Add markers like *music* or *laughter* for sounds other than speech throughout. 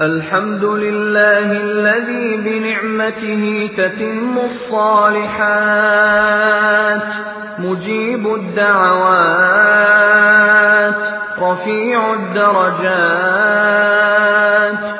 الحمد لله الذي بنعمته تتم الصالحات مجيب الدعوات رفيع الدرجات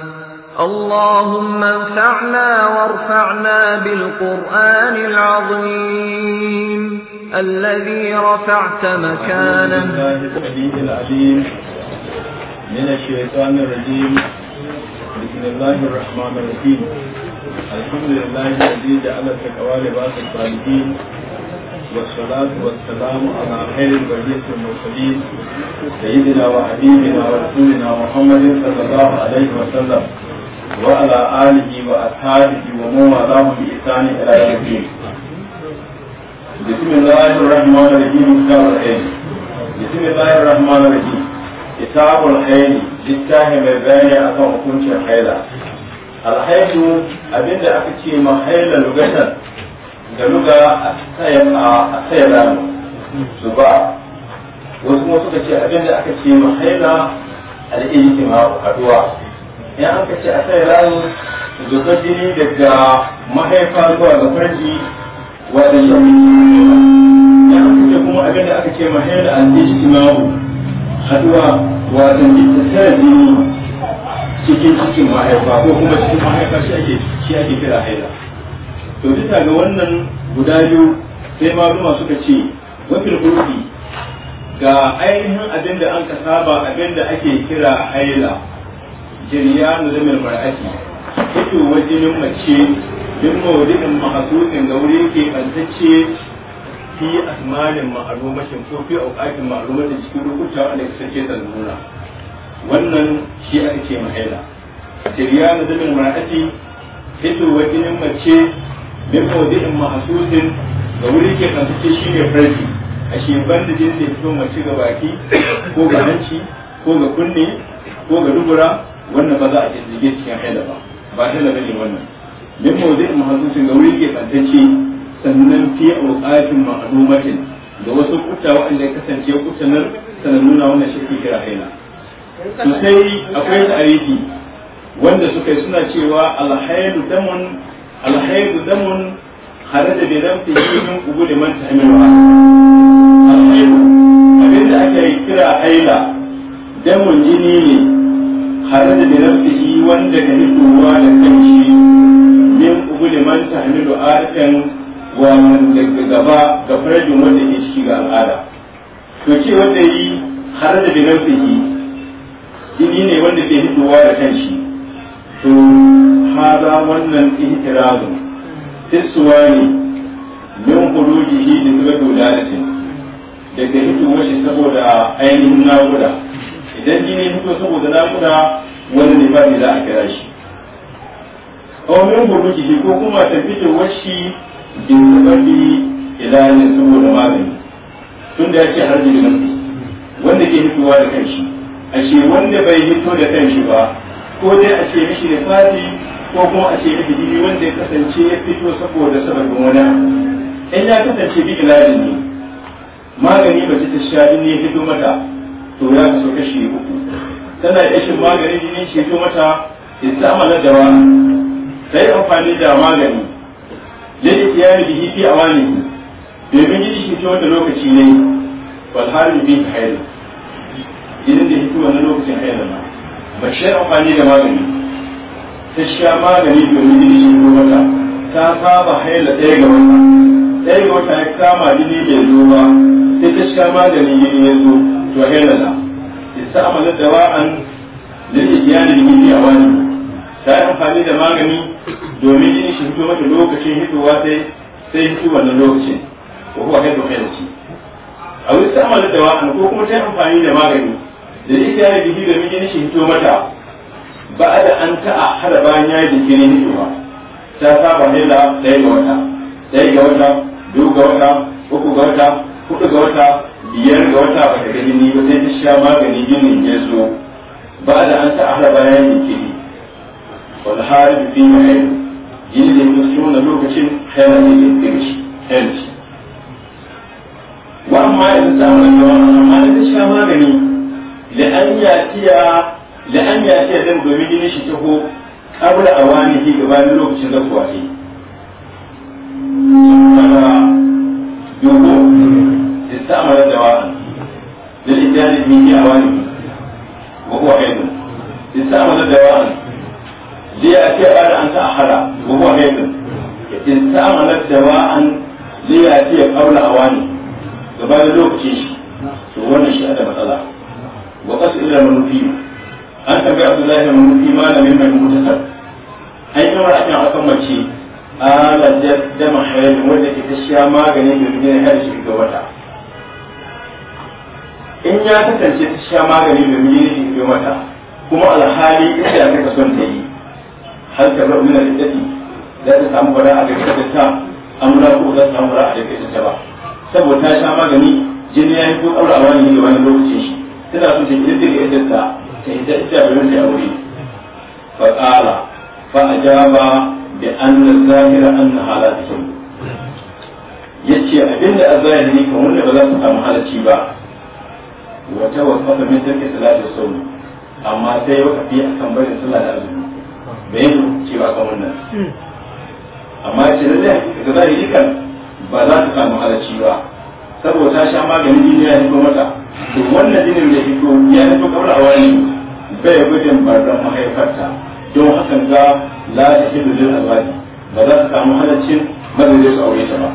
اللهم انفعنا وارفعنا بالقرآن العظيم الذي رفعت مكانا من الشيطان الرجيم بسم الله الرحمن الرحيم الحمد لله الذي جعل التكوال باس الصالحين والصلاة والسلام على خير البرية المرسلين سيدنا وحبيبنا ورسولنا محمد صلى الله عليه وسلم وعلى آله وأصحابه ومن والاهم بإحسان إلى يوم الدين. بسم الله الرحمن الرحيم كتاب العلم. بسم الله الرحمن الرحيم كتاب العلم للتاهم بين أكون كنت حيلا. alhaidu abinda aka ce mahaila lugatan da luga a tsaye rano su ba wasu kuma suka ce abinda aka ce mahaila al'ijtima'u haduwa ya aka ce a sai ranar zuba jini daga mahaifa zuwa ga farji wadda ya ya aka ce kuma abin da aka ce mahaifa da al mawu haduwa wadda ya tsaya jini cikin cikin mahaifa ko kuma cikin mahaifa shi ake shi ake kira haila to bisa ga wannan guda biyu sai maluma suka ce wafin kurfi ga ainihin abin da an ka saba abin da ake kira haila jiriyanu da mar'aki mar'ati fitowar jinin mace din mawudin mahasusin ga wuri ke ɓantacce fi asmanin ma'alumashin ko fi auƙatin ma'alumashin cikin rukuta wanda ka sace nuna wannan shi ake ce mahaila jiriyanu zamin mar'aki mar'ati fitowar jinin mace din mawudin mahasusin ga wuri ke ɓantacce shi ne farki a shi ban da jinin da ya fito mace ga baki ko ga hanci ko ga kunne ko ga dubura wannan ba za a kirkige cikin haida ba ba da bane wannan min mawdu'in mahzusin ga wuri ke fantacce sannan fi auqatin ma'lumatin da wasu kuta wanda ya kasance kutanar sanan nuna wannan shi ke kira haila sai akwai tarihi wanda suka suna cewa alhaidu damun alhaidu damun kharaja bi damti ubu da man tahmilu alhaidu abinda ake kira haila damun jini ne kharaja bi nafsihi wanda ka fitowa da kanci min ubuli man tahmilu arqan wa man daga gaba ga farajin wanda ke ciki ga al'ada to ce wanda yi kharaja bi nafsihi jini ne wanda ke fitowa da kanci to haza wannan ihtirazu tiswa ne min shi da zuba dolatin daga hitowar shi saboda ainihin naguda idan jini hito saboda naguda. wani limami za a kira shi aw min shi ko kuma ta fito washi bin sababi ilanin saboda magani da ya ce har jirgin nafsi wanda ke hituwa da kanshi a ce wanda bai hito da kanshi ba ko dai a ce mishi da fati ko kuma a ce mishi jini wanda ya kasance ya fito saboda sababin wani in ya kasance bi ilanin ne magani ba ta sha ne ya hito mata to ya kaso kashi uku tana ishin magani jini ceto mata da dawa sai amfani da magani da ikiyari da hifi a wani domin shi ceto mata lokaci ne wal harin bi hayar idan da hifi na lokacin hayar ba mace amfani da magani ta sha magani domin shi ceto mata ta saba hayar ɗaya ga wata ɗaya ga wata ya kama jini bai zo ba sai ta shiga magani jini ya zo to hayar ista'malat dawa'an lil ihyani bi wani ta yi amfani da magani domin jini shi fito mata lokacin hitowa sai sai hito wannan lokacin ko kuma kai da ci a wani sama da dawa'an ko kuma ta yi amfani da magani da ita ya yi domin jini shi hito mata ba da an ta'a hada bayan ya yi jinkirin hitowa ta saba ne da ɗaya ga wata ɗaya ga wata biyu ga wata uku wata hudu wata biyar ga wata ba ta gani ba zai ta sha magani jinin ya zo ba da an ta ahla bayan yankiri wal harib fi ma'in jini da ya zo na lokacin haila ne da kirshi hailci wa amma idan ta da bayan amma da ta sha magani da an yatiya da an yatiya dan domin jini shi taho kabla awanihi gabanin lokacin zakuwa ne. Kaga, في أوانه وهو حيض استعمل الدوام ليأتي بعد أن تأخر وهو حيض استعمل الدواء ليأتي قبل أوانه gabanin lokacin shi to wannan shi da matsala wa kasu ila manufi an tabi abdullahi da manufi malamin mai mutasar an yi mara akan akan mace ala da dama hayar wanda ke ta sha maganin da duniya ya shi ga wata in ya kasance ta sha magani da mijin ya mata kuma alhali in ya kaka son ta yi har ta bar mina da tafi za ta samu bara a daga da ta amura ko za ta samu bara a da ta ba saboda ta sha magani jini ya yi ko aure a wani da wani lokacin shi tana so ta yi da yadda ta ta yi ta ita bai ta aure fa a fa ajaba bi anna zahira anna halatu yace abinda azahiri kamar wanda ba za su samu halacci ba wata wasu min tarki da sauni amma sai ya wakafi a kan barin sallah da azumi bai yi cewa kan wannan amma ce da zai ga zai yi kan ba za ta samu halarci ba saboda ta sha maganin jini ya fito mata to wannan jinin da fito ya fito kamar a wani bai gudun barran mahaifarta don hakan ga la ta hidu lil azwaji ba za ta samu halarcin ba zai su aure ta ba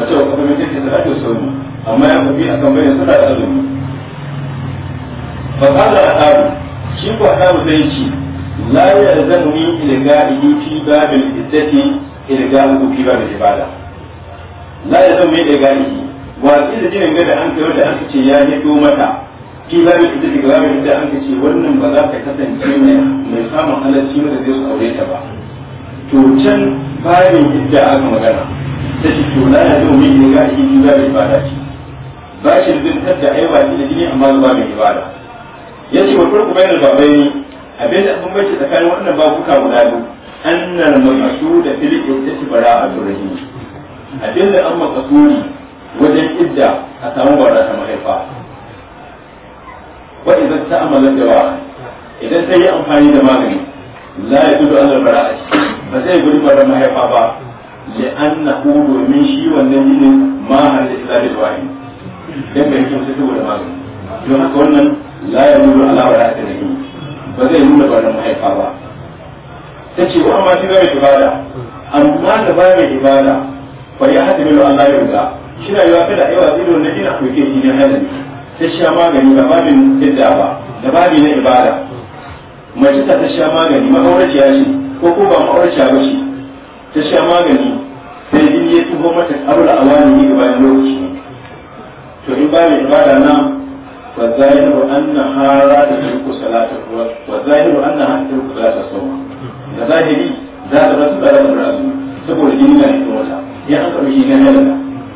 wata wakafi min tarki da sauni amma ya faɗi a kan bayan suna da azumi fasala a haru shi ko haru zai ce la ya zamu ni ilga iduti da iddati ilga uku babin ibada la ya zamu ni ilga iduti wa da jinin gada an kai da aka ce ya hito mata fi ba babin iddati ga babin da an ce wannan ba za ta kasance mai samun halarci wanda zai su aure ta ba to can babin idda aka magana ta ce to la ya zamu ni fi ba da ibada ce bashin zai fitar da aiwa da jini amma zuba mai ibada ya ce wa turku bayan babai abin da abin bace tsakanin wannan babuka guda biyu annal maqsud da fil bara bara'atu rahim abin da an maka kasuri wajen idda a samu bara ta mahaifa wa idan ta amala da idan sai yi amfani da magani la ya bara a ciki ba zai gudu bara mahaifa ba li'annahu domin shi wannan jinin ma hal islami wahid dan bai kyau ta saboda magani don haka wannan la ya nuna ala wala ta nabi ba zai nuna da mahaifa ba ta ce wa amma shi ba mai ibada amma da ba mai ibada fa ya hada bilu Allah ya ruga shi na yawa kada yawa zai nuna ina kuke shi ne hadari ta sha magani ba min yadda ba da babi na ibada mace ta sha magani ma'auraciya ce ko ko ba ma ma'auraciya ba shi ta sha magani sai jini ya tuho mata abula awani ga bayan lokaci to in ba mai ibada nan wa zahiru annaha la tudriku salata wa zahiru da zahiri za ta rasu da rasu rasu saboda jini na cikin wata ya an karbi jini ganin da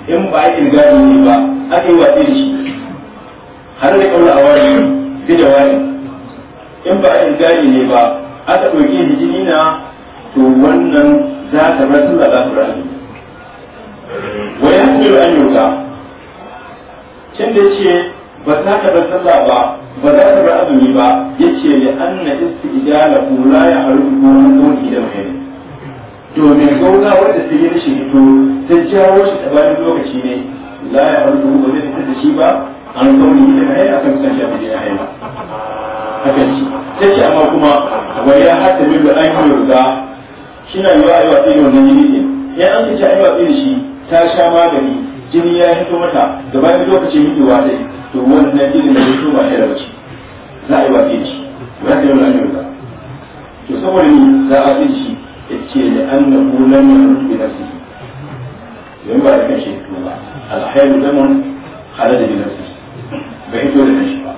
in ba a yi gadi ne ba aka yi watsi da shi har da kaura a wani bi da wani in ba a yi gadi ne ba aka ɗauke shi jini na to wannan za ta rasu da rasu rasu wa ya fi an can da ce ba za ka sallah ba ba za ka bar azumi ba yace li anna istijalahu la ya'rifu min dawki da mai domin gauna wanda ta yi shi hito ta jawo shi ta bayan lokaci ne la ya'rifu ba zai fitar da shi ba an gauni da mai akan san shi a da ya yi ba hakan shi ta ce amma kuma wa ya hata min da an yi ruga shi na yi wa aiwa ɗin wannan yini ɗin ya an ta ce wa ɗin shi ta sha magani jini ya yi hito mata da bayan lokaci miki wa dai to wannan jini da ya tuma ya rabu za a yi wafi da shi ba ta yi wani annabi ba to saboda ni za a fi shi ya ce da an da kulan ya rutu bi nafsi don ba da kanshi to ba alhairu lamun da bi nafsi ba hito da kanshi ba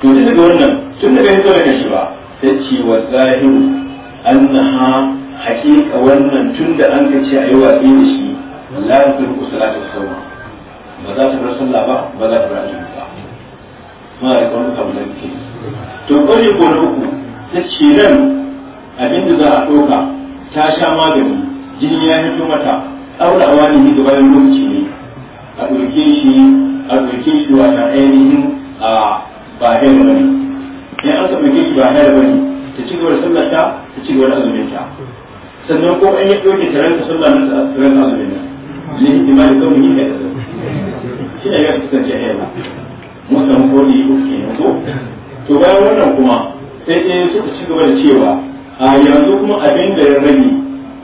to duk daga wannan tun da ka hito da kanshi ba ta ce wa zahiru ha haƙiƙa wannan tun da an ka ce a yi wafi da shi la yuqimu salata sawma ba za su bar sallah ba ba za su bar azumi ba ma da kawai kamar da ke to kawai ko na uku ta ce nan abinda za a ɗauka ta sha magani jini ya fito mata aurawa ne da bayan lokaci ne a ɗauke shi a ɗauke da shi ba da ta ta sannan ko an ya ɗauke ta ranka ta لإهتمام كونه هذا شيء لا يستطيع هذا مسلم قولي أفكي to bayan wannan kuma sai ɗaya suka ci gaba da cewa a yanzu kuma abin da ya rage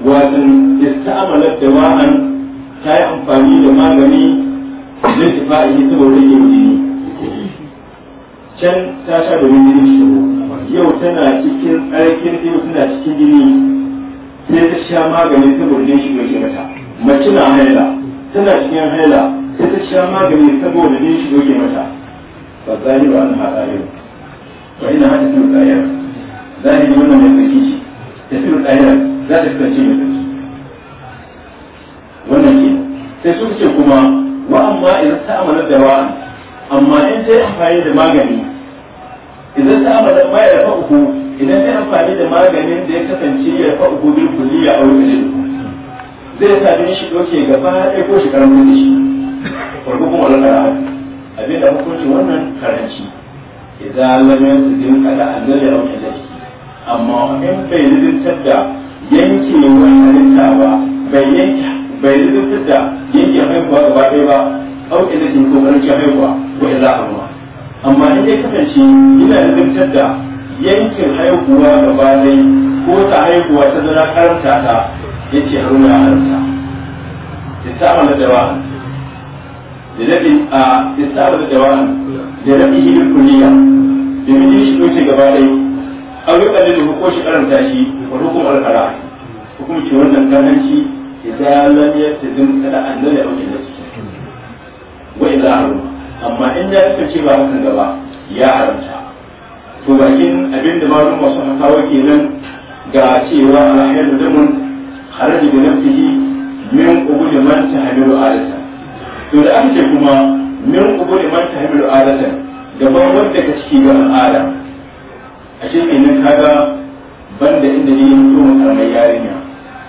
wasan ista'amalar da wahan ta yi amfani da magani zai tafa fa'i yi saboda rage jini can ta sha domin jini shi yau tana cikin tsarkin yau tana cikin jini sai ta sha magani saboda jini shigo shi mata. mace na haila tana cikin haila sai ta sha magani saboda ne shi goge mata ba zahiri ba na haɗa yau ba ina haɗa sun tsayar zahiri wannan mai tsaki ce ta sun tsayar za ta kasance mai tsaki wannan ke sai su ce kuma wa amma idan ta amana da wa amma in ta yi amfani da magani idan ta amana ma ya fa'uku idan ta yi amfani da maganin da ya kasance ya fa'uku bil kulliya a wurin zai sa jini shi doke gaba ɗaya ko shi karamin da shi farko kuma wani kara abin da hukunci wannan karanci idan lamarin su din kada an zai da da shi amma in bai lizintar da yanke halitta ba bai yanke bai lizintar da yanke haihuwa gaba ɗaya ba auki da shi ko karanci haihuwa ko ya za a ruwa amma in dai kasance yana lizintar da yankin haihuwa gaba ɗaya ko ta haihuwa ta zara karanta ta ya ce a ya haramta istamala dawa'an da rabi a da dawa'an da rabi hidin kuliya da mijin shi ɗauke gaba dai an yi da hukun shi karanta shi hukumar hukum alƙara ce wannan karanci idan lam yastazim kada an kada a ya da su wa idan haruma amma in ya suka ce ba hakan gaba ya haramta to bakin abin da malum masu hakawa kenan ga cewa alhayyar da mun kharaji bi nafsihi min ubu qubuli man tahmilu adatan to da ake kuma min ubu qubuli man tahmilu adatan gaban wanda ka ciki ga al'ada a shi kenan kaga banda inda ne ya fito makaramar yarinya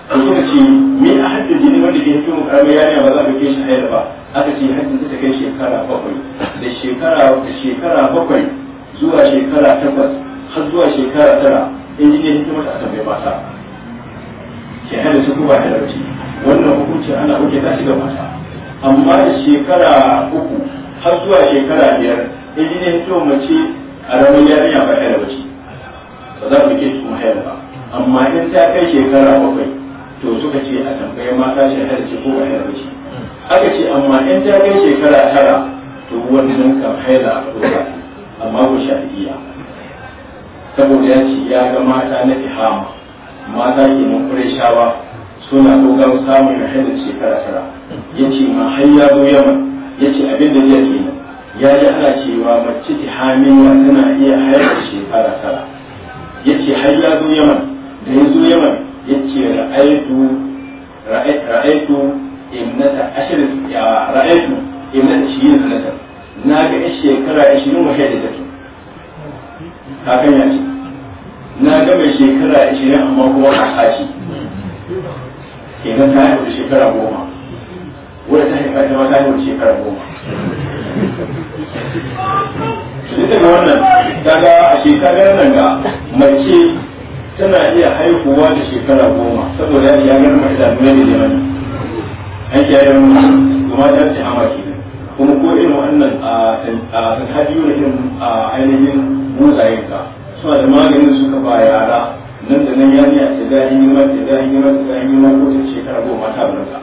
to suka ce me a haddin jini wanda ke fito makaramar yarinya ba za ka kai shi hayar ba aka ce haddin ta kai shekara bakwai da shekara da shekara bakwai zuwa shekara takwas har zuwa shekara tara in jini ya fito mata aka bai mata ke su kuma talauci wannan hukunci ana hukunci ta shiga mata amma shekara uku har zuwa shekara biyar idan ne to mace a ramin yarinya ba talauci ba za mu ke su hayar ba amma in ta kai shekara bakwai to suka ce a tambaye mata shekara ce ko ba talauci aka ce amma in ta kai shekara tara to wannan kan haila a ɗora amma ko iya saboda ya ce ya ga mata na ihama mata ke mun shawa suna dogon samun rahibin shekara tara ya ce ma har ya zo yaman ya ce abin da zai ke ya ji ana cewa mace ta hamiya tana iya haifar shekara tara ya ce har ya zo yaman da ya zo yaman ya ce ra'aitu ra'aitu imnata ashirin ra'aitu imnata shi yin sanata na ga shekara ashirin wa shaida take hakan ya ce na ga mai shekara 20 amma kuma ba a ci nan ta haihu shekara goma wadda ta haifa ita ma ta haihu shekara goma duk daga wannan daga a shekarar nan ga mace tana iya haihuwa da shekara goma saboda ya ga mai da mai da mana an kiyaye mu kuma ta ce amaki kuma ko irin wannan a a da irin ainihin ka. suna da maganin suka ba yara nan da nan yarinya ta ga hijima ta ga hijima ta ga hijima ko ta shekara goma ta barka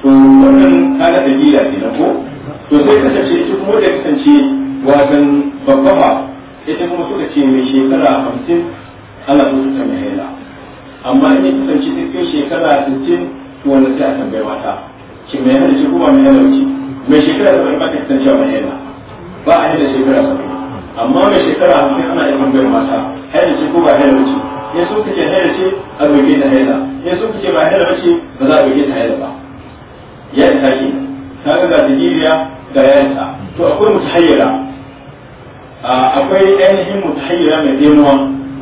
to wannan kaga da gida ne na ko to sai ka tace ita kuma da kasance wasan babbama ita kuma suka ce mai shekara hamsin ana so ta mai haila amma in ya kasance ta shekara hamsin to wanda sai a tambaye mata ki mai haila shi kuma mai haila ce mai shekara saba'in ba ta kasance mai haila ba a yi da shekara saba'in amma mai shekara hamsin ana yi bangar mata haila ce ko ba haila ce in sun kace haila ce a doke ta haila in sun kace ba haila ba ce ba za a doke ta haila ba ya ta tashi ta ga gajiriya ga yanta to akwai hayyara akwai ainihin hayyara mai denuwa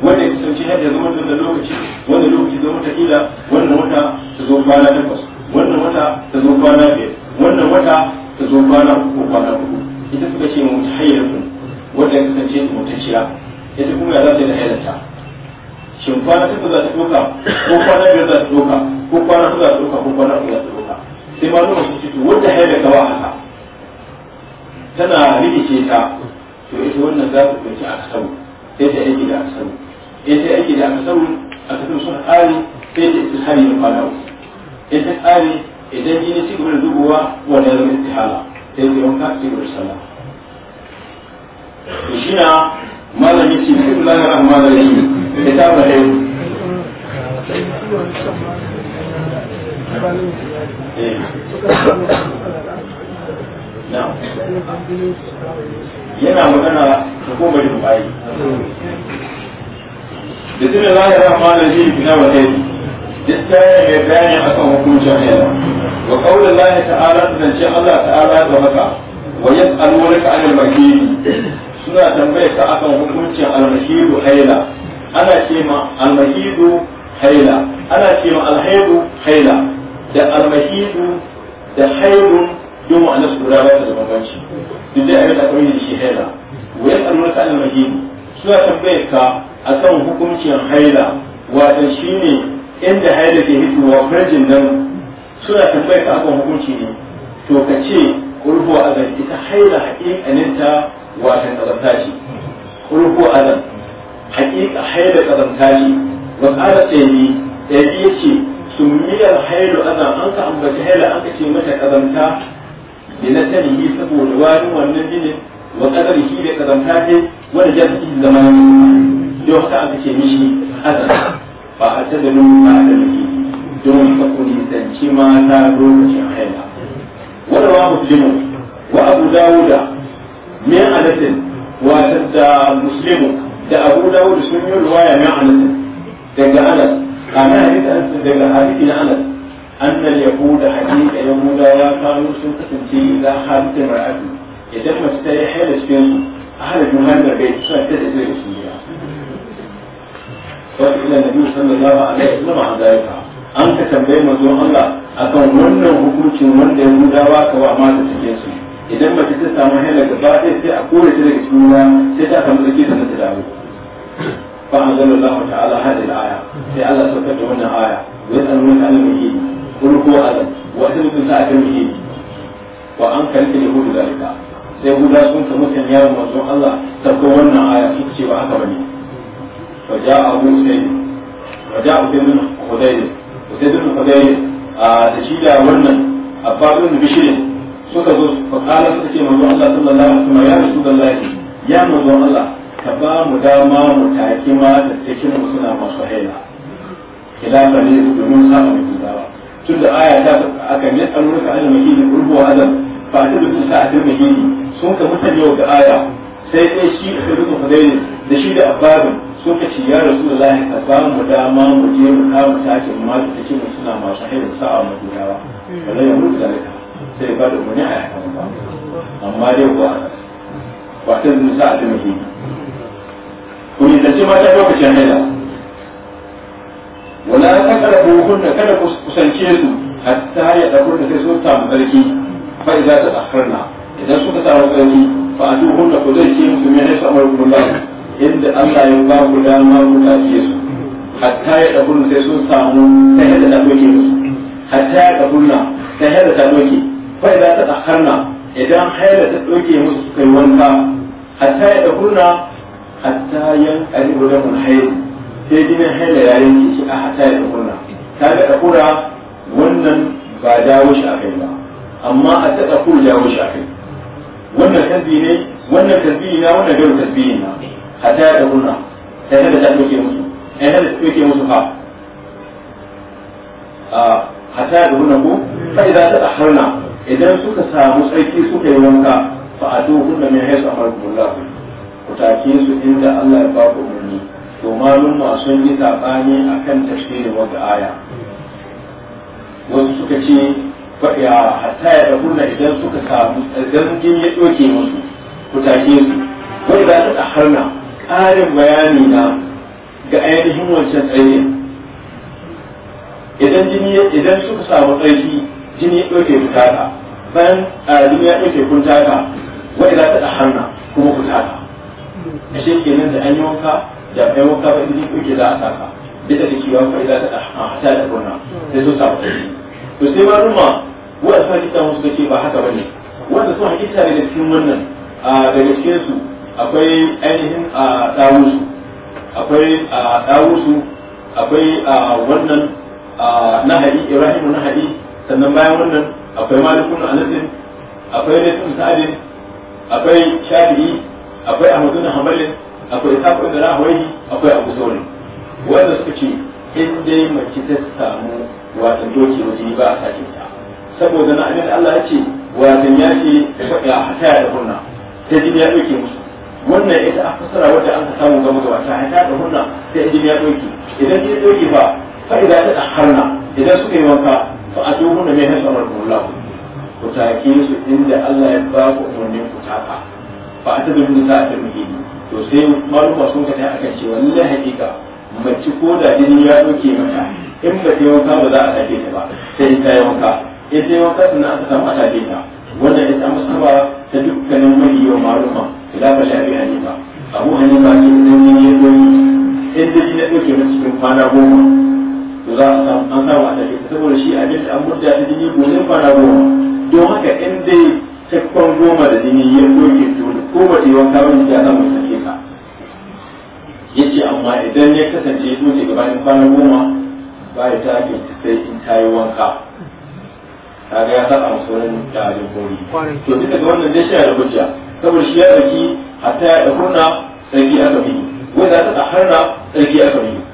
wanda ya kusanci haila zama da lokaci wanda lokaci zama ta kila wannan wata ta zo kwana takwas wannan wata ta zo kwana biyar wannan wata ta zo kwana uku kwana uku ita suka ce kuma wanda ya kasance mutacciya ita kuma ya za ta yi da hailanta shin kwana uku za ta doka ko kwana biyar za ta doka ko kwana uku za ta doka ko kwana uku za ta doka sai ma nuna su cikin wanda hailanta wa haka tana rikice ta to ita wannan za ta kwanci a kasau sai ta aiki da kasau in ta aiki da kasau a kasau sun tsari sai ta ita hari da kwana uku in ta ƙare idan jini ci cigaba da dubowa ya zama istihala sai ta yi wanka ci gaba da sallah to shi na malam yace bismillahir rahmanir rahim da ta bare eh. yana magana hukumar dubai da tunan lahir rahmanir na wahai للسائل يباني suna tambayar ka akan hukuncin almahidu haila ana ce ma almahidu haila ana ce alhaidu haila da almahidu da haidun yau ma'ana su guda ba ta da bambanci duk dai abin da kawai da shi haila wa ya tsaro ka almahidu suna tambayar ka akan hukuncin haila wato shine inda haila ke hitowa farjin nan suna tambayar ka akan hukunci ne to ka ce kurhuwa a ita haila haƙiƙaninta Wasan kazanta ce ruku alam hakika haila kazanta ce wa qala sayyidi ce yace sunniyar haidu ana an ka ambaci haila an ka ce mata kazanta da na sani saboda wani wannan jinin wa shi da kazanta ce wani jami'i zaman yau haka ka ce mishi azan ba a ta da nuna ba da nake don ka kulisanci mata lokacin haila wani wa muslimu wa abu dawuda من anasin wata مسلم muslimu da abu dawud sun yi ruwaya min anasin daga anas kana hadith anas daga hadith na anas أن اليهود حقيقة يهودا كانوا سنة تنتهي إلى حالة امرأته إذا ما استري حالة سكينسو أهل المهمة بيت سنة تدعي رسولها وإلى النبي صلى الله عليه وسلم عن ذلك أنت تنبيه مزور الله أكون من هكوش من يهودا وكوا ما تتجيسو idan mace ta samu hila gaba ɗaya sai a kore ta daga cikin ruwa sai ta samu a sannan ta dawo fa anzalallahu ta'ala hadhihi al-aya sai Allah saukar da wannan aya wa yasaluna an al-muhim qul huwa adam wa atimtu sa'ata al-muhim wa an kalka yahudu zalika sai guda sun samu san yaron manzon Allah sabko wannan aya suka ce ba haka bane fa ja'a abu sayyid fa ja'a ibn hudayd hudayd a ah, da shi da wannan abba bishirin suka zo fakala suka ce manzo Allah sallallahu alaihi wasallam ya rasulullahi ya manzo Allah ka ba mu dama mu take ma da cikin mu suna masu haila khilafa ne domin saba mu dawa tunda aya ta aka ne an ruka al mahidi rubu wa adam fa ta dukkan sa al mahidi sun ka mutane da aya sai dai shi da dukkan fadaili da shi da ababin sun ka ce ya rasulullahi ka ba mu dama mu je mu kama take ma da cikin mu suna masu haila sa'a mu dawa wallahi mu zalika sai ba da umarni a yakan ba amma dai kuwa ba ta sa a taimake ku yi da ce mata lokacin haila wala ta karɓo da kada kusance su hatta ya ɗaukar da sai sun samu tsarki fa idan ta akharna idan suka samu tsarki fa a duk da ku zai ce musu mai samar ku lafiya inda Allah ya ba ku dama ku ta ce su hatta ya da sai sun samu ta yadda ta doke musu hatta ya da ta da ta doke فإذا تأخرنا إذا حيلة تؤدي مستقيمونك حتى يأخرنا حتى ينقلب لهم الحيل سيدنا حيلة يا ريكي شيء حتى يأخرنا تابع أخرى ونن بعد وش أخرنا أما أتتقول جاوش أخرنا ونن كذبينا ونن كذبينا ونن جلو كذبينا حتى يأخرنا سيدنا تأخرنا أنا لسبيتي مصحى حتى يأخرنا فإذا تأخرنا idan suka samu tsarki suka yi wanka fa a duhun da min haisu amarkumullah ku take su inda Allah ya ba ku umarni to malum sun yi sabani akan tafsirin wata aya wasu suka ce ya hatta ya rahuna idan suka samu idan jin ya doke musu ku take su wani da ta harna ƙarin bayani na ga ainihin wancan tsaye idan jini idan suka samu tsarki jini ya doke su bayan alimi ya ɗauke kun taka wa za ta hanna kuma ku taka a ashe nan da an yi wanka da yi wanka ba idan ke za a taka bisa da kiwon fa idza ta hata da kuna sai su samu to sai ma ruma wa alfaqita musu kace ba haka bane wanda sun hakika daga cikin wannan a daga cikin su akwai ainihin a dawusu akwai a dawusu akwai a wannan a nahari ibrahimu nahari sannan bayan wannan akwai malikun anasin akwai sun sa'adin akwai shafi'i akwai ahmadu na hamalin akwai sakon da rahawai akwai abu saurin wanda suka ce in dai mace ta samu wata doki wajen ba a sakin ta saboda na abin Allah ya ce watan ya ce ya hataya da hunna ta jini ya doke musu wannan ita a fassara wadda an samu ga mutuwa ta hataya da hunna ta jini ya doke idan ta doke ba fa'ida ta harna idan suka yi wanka fa a duhu ne na samar kullahu ku take su inda Allah ya ba ku umarnin ku taka fa a tabi da ta muke to sai maluma sun ka ta akan cewa lallai hakika mace ko da jini ya doke mata in ba ta wanka ba za a sake ta ba sai ta yi wanka in ta yi wanka sannan aka samu a sake ta wannan ita musaba ta dukkanin mai yau maluma khilafa shafi hanifa abu hanifa ce da jini ya doke in da jini ya doke mata cikin kwana goma to za a samu an samu a take saboda shi a da an murja ta jini gudun fara goma don haka in dai cakkon goma da jini ya goge su ko ba ta yi wanka ba ya samu sake ka ya ce amma idan ya kasance ya zuce gabanin kwana goma ba ya ta ake sai in ta yi wanka kaga ya saba musulun da abin kori to duka ga wannan dai shi da hujja saboda shi ya ɗauki hatta ya ɗauki na tsarki aka bi wanda ta harna tsarki aka bi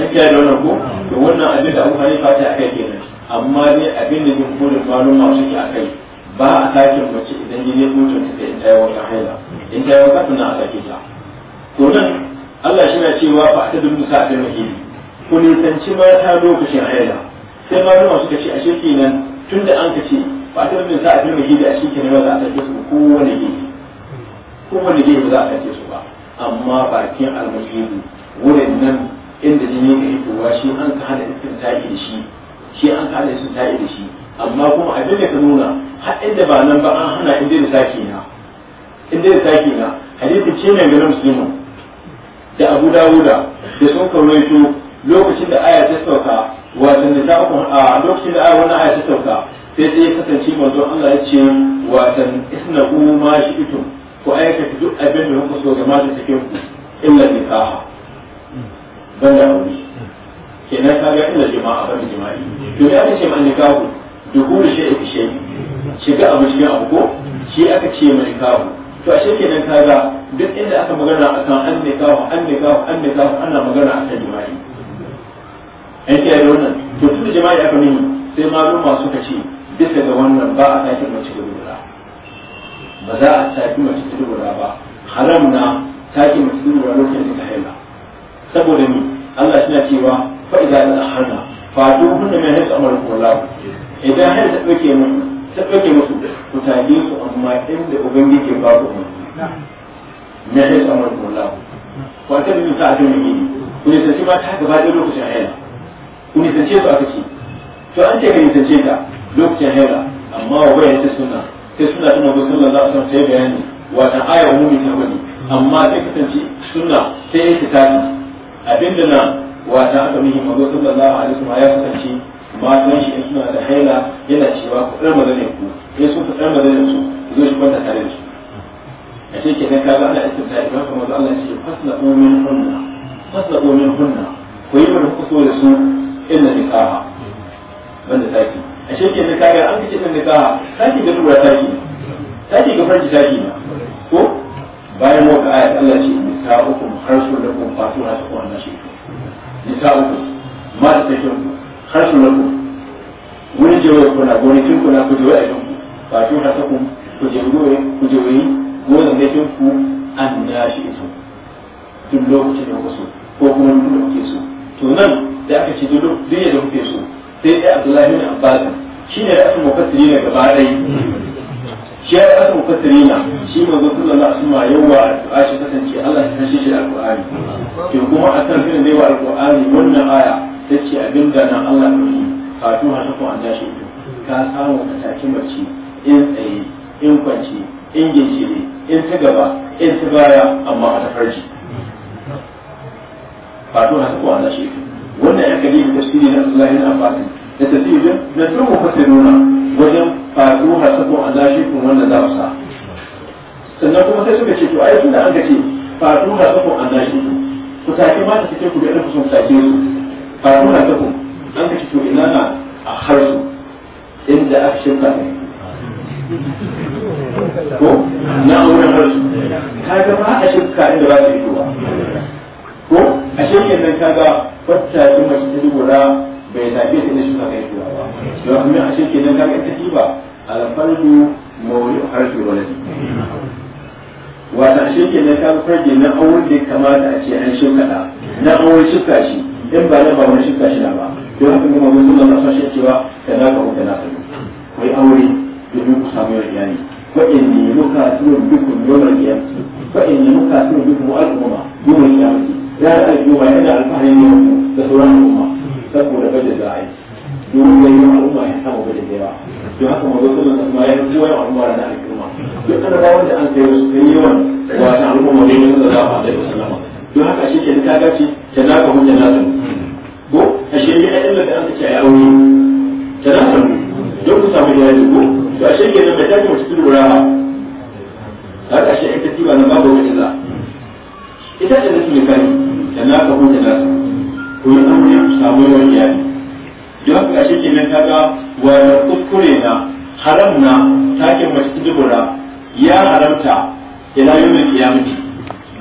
an kiyaye da wannan ko to wannan abin da abu hanifa ta akai kenan amma dai abin da jumhurin maluma suke akai ba a sake mace idan jini hutun ta in ta wata haila in ta tayi wata tana a sake ta to nan Allah shi na cewa fa ta dubu sa ta mahili ku nisanci mata lokacin haila sai maluma suka ce ashe kenan tunda an ka ce ba ta dubu sa ta mahili a shirki kenan ba za a sake su kowane ko wani gefe ba za a sake su ba amma bakin almuhibu wurin nan inda jini ka yi kowa shi an ka hana ta ta'i da shi shi an ka hana ta ta'i da shi amma kuma abin da ka nuna har inda ba nan ba an hana inda da sake na inda da sake na hadisi ce mai ganin musulmin da abu dawuda da sun karwaito lokacin da aya ta sauka wato da ta uku a lokacin da aya wannan aya ta sauka sai sai ya kasance manzo Allah ya ce wato isnahu ma shi'tum ku aikata duk abin da kuka so ga mata cikin ku illa nikaha ban da aure kenan ka ga illa jima'a ban da jima'i to ya ce man nikahu duhulu shay'i bi shay'i shiga abu cikin abu ko shi aka ce man nikahu to a ashe kenan ka ga duk inda aka magana akan an nikahu an nikahu an nikahu ana magana akan jima'i an kiyaye wannan to tun da jima'i aka nuni sai maluma suka ce duk ga wannan ba a sake mace dubura ba za a sake mace dubura ba haram na sake mace dubura lokacin da ta haila saboda ni Allah shi na cewa fa idza al ahana fa duhun da mai haisu amara kullahu idan har ta dauke musu ta dauke musu ku tage su amma inda ubangiji ba ku mai haisu amara kullahu ko ta bi ta ajin ne ku ne sai ma ta gaba da lokacin haila ku ne sai su aka ce to an ce ka ne sai ta lokacin haila amma wa bayan ta sunna sai suna ta mabu sallallahu alaihi wasallam sai bayani Wa wata aya umumi ta bane amma sai kasance sunna sai ta tafi Abin da na wata aka mihi mazo sallallahu alaihi wasallam ya kasance matan shi in suna da haila yana cewa ku dan maganar ku in sun ku dan maganar su ku zo shi kwanta tare da su a ce kenan ka ga ana istinta idan kuma Allah ya ce fasla umin hunna fasla umin hunna ku yi mana kuso da su inna nikaha banda taki a shi kenan ka ga an kace inna nikaha taki da tura taki taki ga farji taki na ko bayan wata ayat Allah ce ta nisa'ukum خرسوا لكم فاتوها تقوى النشيط نساؤكم ما تتجمع خرسوا لكم ونجوا يكونا ونجوا كجوا أيضاكم فاتوها تقوم كجوا كجوا gonan da ku an dashi ito duk lokacin da kuka ko kuma duk da kuke so to nan da aka ce duk duk da shine da aka mufassiri ne ya aka mufassirina shi manzo sallallahu alaihi wasallam yawa a shi kasance Allah ya tashi shi al alqur'ani to kuma akan kan da wa alqur'ani wannan aya ta ce abin da nan Allah ya yi fatuha ta ko an anda shi ka samu ka taki mace in tsaye in kwance in gishiri in ta gaba in ta baya amma a ta farji fatuha ta ko anda shi wannan ya kalli da tafsiri na Allah ya na fatin da ta tafiye da su mu fasi nuna wajen faɗo hasabun Allah shi kun wanda za su sa sannan kuma sai suka ce to ai tunda an ga ce faɗo hasabun Allah shi ku take ta take ku da irin kusan take su faɗo hasabun an ga ce to ina na a harsu inda aka shirka ne ko na auren harsu kaga ba a shirka inda ba ta yi ko a shirkin nan ka kaga wata yi mace ta dubura bai tafi da ne suka kai shuka ba don kuma a shi kenan ka ita ci ba alfardu mawuri harshe wani wata shi kenan kaga farge na awon da kamata a ce an shuka da na awon shuka shi in ba na ba wani shuka shi na ba don haka kuma mun suna na shi cewa ka na ka ka na sanu kai aure domin ku samu yau iyali ko in ne muka tuwa bikun yawar kiyamci ko in ne muka tuwa bikun al'umma yawar kiyamci ya ra'ayi yawar yana alfahari ne da sauran al'umma saboda bajin da ai domin da yi al'umma ya samu bajin da yawa don haka mazo sallan da kuma ya fi yawan al'umma da al'umma duk ana ba wanda an kai wasu kan yawan wata al'umma ne na sallallahu alaihi salama don haka shi ke ta gaci ta naka hujja na ko a shi ne ayyukan da an kace ya aure ta naka don ku samu da yaji ko to a shi ke nan bai tafi mace tudu raha haka shi ita tiba na babu wata illa ita ce da su ne kai ta naka hujja na to ya zama ya samu yawan iyali don haka ashe kenan kaga wani kuskure na haram na takin mace dubura ya haramta ila yawmin qiyamati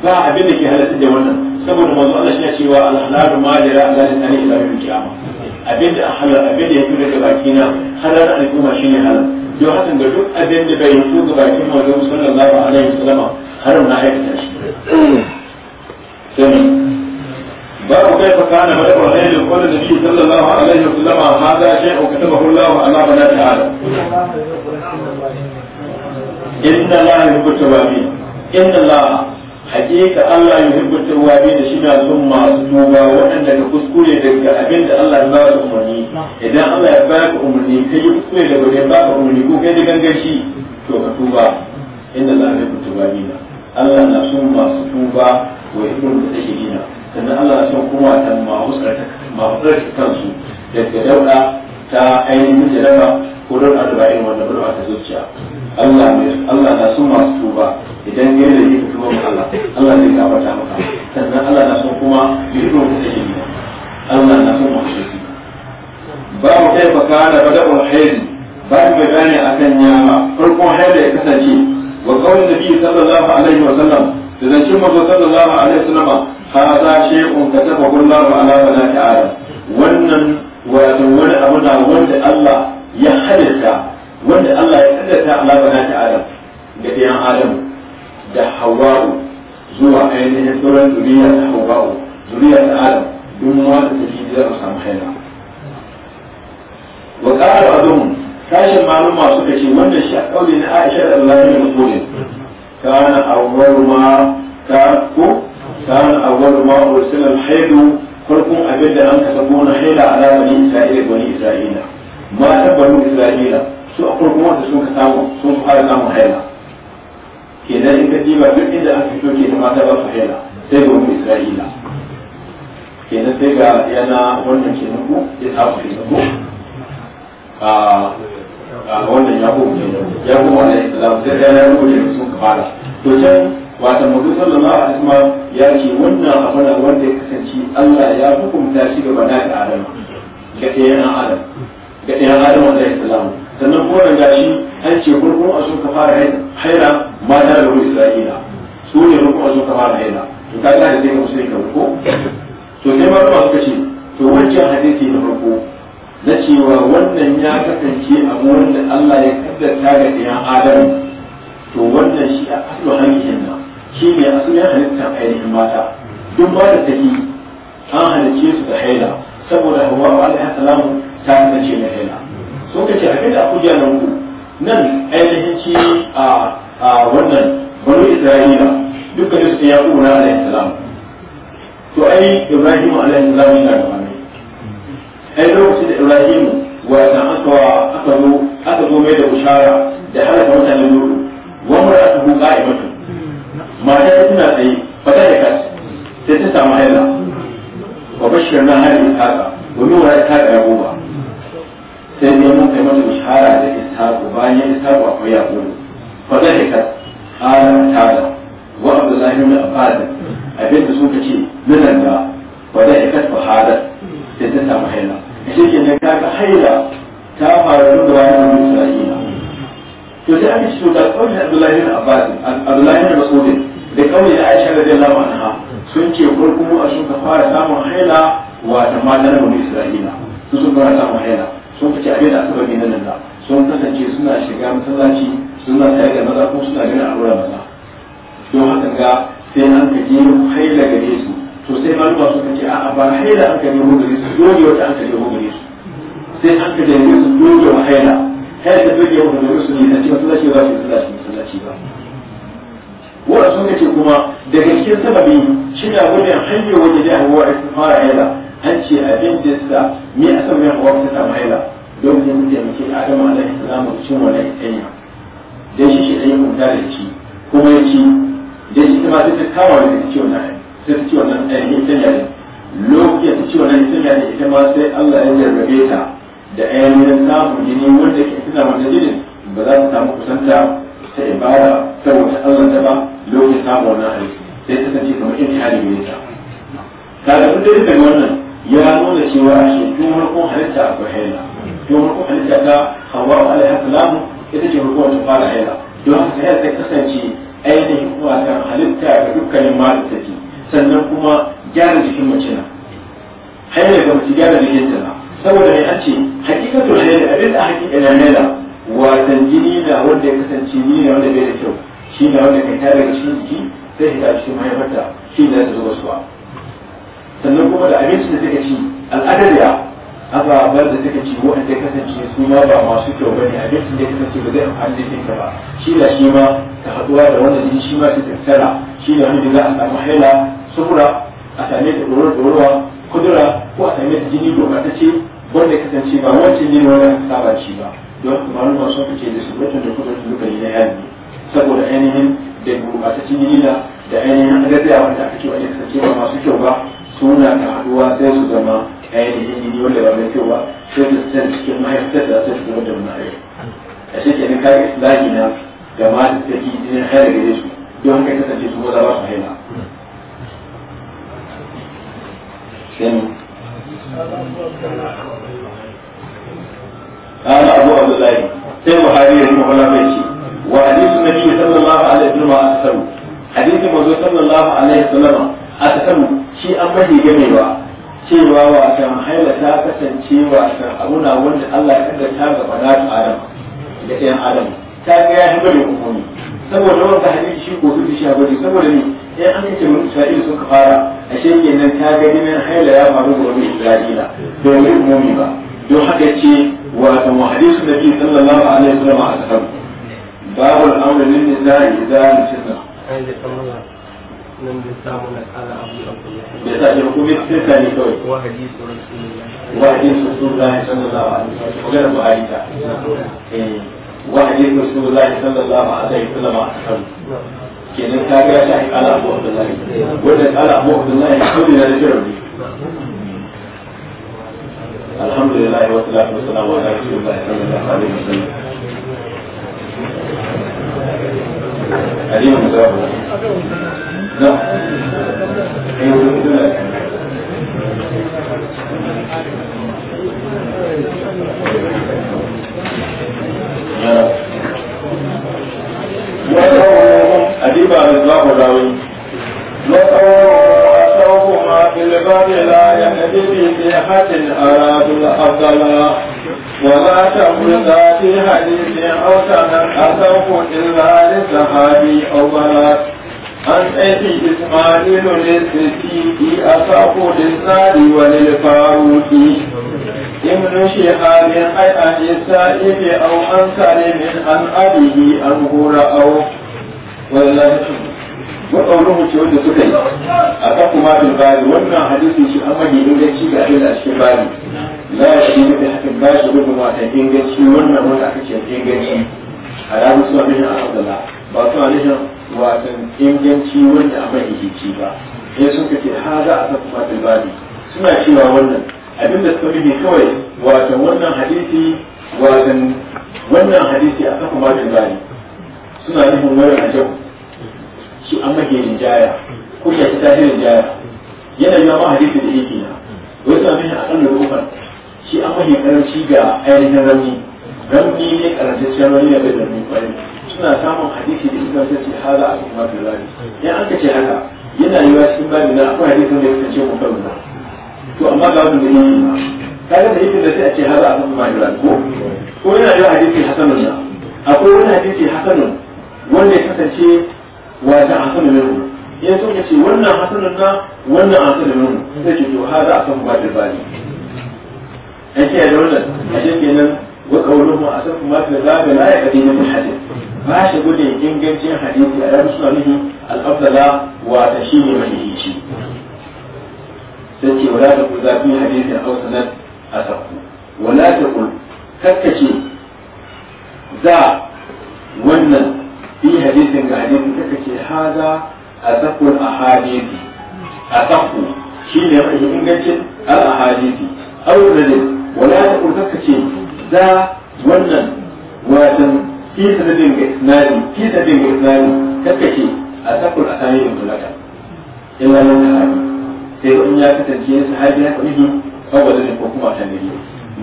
ba abin da ke halatta da wannan saboda manzo Allah shi ya cewa al-halalu ma jara ala lisani ila yawmin qiyamah abin da halal abin da ya fito daga baki na halal al'umma shine halal don hakan ga duk abin da bai fito daga bakin manzo sallallahu alaihi wasallam haram na aikata shi باب كيف كان ملك الغيب يقول النبي صلى الله عليه وسلم هذا شيء كتبه الله على بنات آدم إن الله يحب التوابين إن الله حقيقة الله يحب التوابين شنا ثم توبا وأن تكسكولي دك أبين الله يبارك أمرني إذا الله يبارك أمرني كي يكسكولي دك يبارك أمرني كو كي دك أنجشي توبا إن الله يحب التوابين الله نسوم ما سوبا ويحب المتشهدين sannan Allah ya san kuma ta mafuskar kansu daga dauna ta ainihin jaraba ko don adaba irin wanda ba ta zuciya Allah ne Allah na son masu tuba idan ya da yi tuba ga Allah Allah zai gafarta maka sannan Allah na son kuma yi ku take gida Allah na son masu shi mu kai fa kana ba mu babu bayani akan yama farkon hayl ya kasance wa qaulin nabi sallallahu alaihi wa sallam da zancin manzo sallallahu alaihi wa sallam. haza shay'un kataba Allahu ala banati adam wannan wato wani abu na wanda Allah ya halitta wanda Allah ya kaddata ala banati adam da ɗayan adam da hawa'u zuwa ainihin sauran zuriya ta hawa'u zuriya ta adam duk ma da take da samu khaira wa qala ba'dhum suka na Aisha da Allah kana awwal ma ko كان أول ما أرسل الحيض كلكم أبدا أن تكون حيض على بني إسرائيل بني إسرائيل ما تبنوا إسرائيل su a kurkuma da sun ka samu sun fara samun haila kenan in ka diba duk inda aka fito ke mata ba su haila sai ga wani isra'ila kenan sai ga yana wannan ke nuku ya samu ke nuku a wannan ya ko wata mudu sallallahu alaihi wasallam ya ce wannan abu ne wanda ya kasance Allah ya hukunta shi ga bana da Adam ga ɗayan Adam ga ɗayan Adam wanda ya salamu sannan ko da gashi an ce gurgun a sun ka fara haira mata da ruwa Isra'ila su ne gurgun a sun ka fara haira to ka ga da sai ka musulmi ko to sai ma ruwa suka ce to wancan hadisi na farko na cewa wannan ya kasance a wurin da Allah ya kaddata ga ɗayan Adam to wannan shi a asalin hanyar nan shi ne a suna halittar ainihin mata duk ba ta yi an halicce su da haila saboda hawa alaihi salamu ta ce na haila so kace a kai da kujiya nan ku nan ainihin ci a wannan banu isra'ila dukkanin su ya kuma na alaihi salamu to ai ibrahim alaihi salamu yana da wani ai lokacin da ibrahim wata aka aka zo aka zo mai da bushara da halaka mutanen lulu wa mar'atuhu qa'imatu mata ya tuna tsaye ba ta da kasu sai ta samu haila wa bashir na hali haka domin wani ta ga yabo ba sai ne mun kai mata bishara da ishaku bayan ishaku akwai yabo ba ta da kasu ƙarar tada wa abdullahi bin abbas abin da suka ce minan da ba da ikat halar. sai ta samu haila shi ke ne kaga haila ta fara faru da wani mutum isra'ila to sai aka ci to da kawai abdullahi bin abbas abdullahi bin mas'udin da kawai da aisha radiyallahu anha sun ce kurkumu a sun ka fara samun haila wa ta malar wani isra'ila su sun fara samun haila sun fice abin da aka bari nan da sun kasance suna shiga masallaci suna tare da maza ko suna ganin al'ura maza don haka ga sai an ka je haila gare su to sai malama sun kace a ba haila an ka je mu gare su dole wata an ka je mu gare su sai an ka je su dole wa haila haila ta dole wa gare su ne na cewa sallaci ba shi masallaci sallaci ba wanda sun ce kuma daga cikin sababi shi ne abu ne hanyar wajen da hawa ya fara haila an ce abin da sa me ya samu ya hawa ta samu haila don ne mu taimake adamu alaihi salamu cikin wannan hanya da shi shi ɗaya mun da shi kuma ya ci da shi kuma ta kawo da ciwon nan sai ta ciwon nan ainihin hanya ne lokacin ta ciwon nan hanya ne ita ma sai Allah ya jarrabe ta da ainihin samu jini wanda ke tana wannan jinin ba za ta samu kusanta ta ibada saboda Allah ta ba lokacin samu wannan aiki sai ta kace kamar in ta ne ta kaga kun dai daga wannan ya nuna cewa a shi tun farkon halitta akwai haila tun farkon halitta ta hawa alaihi salamu ita ce farkon ta fara haila don haka haila ta kasance ainihin wasan halitta ga dukkanin mata ci sannan kuma gyara jikin mace na haila ga mace gyara jikin ta na saboda mai an ce hakikatul haila abin da hakika na haila watan jini na wanda ya kasance ni na wanda bai da kyau shi na wanda kai tare da cikin jiki sai tafi cikin mahaifarta shi ne ta zuba suwa sannan kuma da abinci da take ci al'adariya bar da take ci wanda ya kasance su ma ba masu kyau bane abincin da ya kasance ba zai amfani da jinka ba shi da shi ma ta haɗuwa da wanda jini shi ma ta tattara shi da wanda za a samu haila sufura a same ta ɗorar kudura ko a same ta jini gurɓatacce wanda ya kasance ba wancan jini wanda aka saba ci ba don malama sun fice da sabbatan da kusa suka yi na yari saboda ainihin da gurɓataccen yila da ainihin agaziya wanda aka cewa ya kasancewa masu kyau ba suna da haɗuwa sai su zama ainihin yini wanda ba mai kyau ba sai su san cikin mahaifar da sai su zama da mare a shi kenan kayan islahi na da ma da take jinin haila gare su don kai kasance su maza ba su haila. قال أبو layi sai buhari ya kuma kula mai shi wa hadisu nabi sallallahu alaihi wasallam a tasaru hadisi mazo sallallahu alaihi wasallam a tasaru shi an bari gamewa cewa watan haila ta kasance watan abuna wanda Allah ya ta ga banatu adam da ɗayan adam ta ga ya hibar da umumi saboda wanda hadisi shi ko su shi abudi saboda ni sai an kace mun Isra'ila suka fara a ashe nan ta ga jinin haila ya faru ga wani Isra'ila domin umumi ba don haka ce wato hadis da ke sallallahu alaihi wasallam a sahabu babul amrin min nidai da shirka Yadda ya kuma yi sirka kawai. Wahajin Rasulullahi sallallahu alaihi sallallahu alaihi wa sallam a sallam. Kenan ta gaya shi a abu Abdullahi. Wajen kala abu Abdullahi kawai na da الحمد لله والصلاة والسلام على رسول الله صلى الله عليه وسلم أليم مزاوة لا أديب على الله راوي لا في البر لا يهدي بصيحة أرادوا الأفضل وما تمرض في حديث أو سنة أتوه إلا للصحابي أو بلد عن أبي إسماعيل للسيتي أصاب للنار وللفاروق ابن شهاب أي عن السائب أو عن سالم عن أبيه أنه رأوه والله waɗannan rubucewar da suka yi a kafu mabin bari wannan hadisin shi an mahi inganci ga abin a cikin bari la ya shi da hakan ba shi gudun wata inganci wannan wanda aka ce inganci a ranar suna nufin a abdala ba suna nufin watan inganci wanda a mahi hici ba sai sun kace ha za a kafu mabin bari suna cewa wannan abin da suka nufi kawai watan wannan hadisi watan wannan hadisi a kafu mabin bari suna nufin wani a jabu su an mage rinjaya ko ya ta tafi rinjaya yana yi ma hadisi da yake na wai sa mihin a kan rufan shi an mage karanci ga ainihin rami rami ne karantacciyar rami da bai da rufan suna samun hadisi da ce hala a cikin mafi rami yan an kace haka yana yi wa cikin babin na akwai hadisi da ya kasance mutum na to amma ga wani da yake ma kaga da yake da sai a ce hala a kuma mafi rami ko ko yana yi wa hadisi hasanun na akwai wani hadisi hasanun wanda ya kasance wajen hasan minhu ya so ce wannan hasanun na wannan hasanun minhu sai ce to hada akan ba da An ake da wannan a shi kenan wa qawluhu asan kuma da zaga la ya kadin min hadith ba shi gudun ingancin hadisi a yar suna nufi al-afdala wa ta shi ne mahihici sai ce wala ta kuza fi hadisin aw sanad asaku wala ta kul kakkace za wannan bi hadisin ga hadisi kaka ce haza asaqul ahadisi asaqu shine mafi ingancin al ahadisi aw da wala ta kaka ce za wannan watan fi sanadin ga isnadi fi sanadin ga isnadi kaka ce asaqul ahadisi mulaka illa lan sahabi sai in ya kasance sahabi haka ido kawai da ko kuma taniri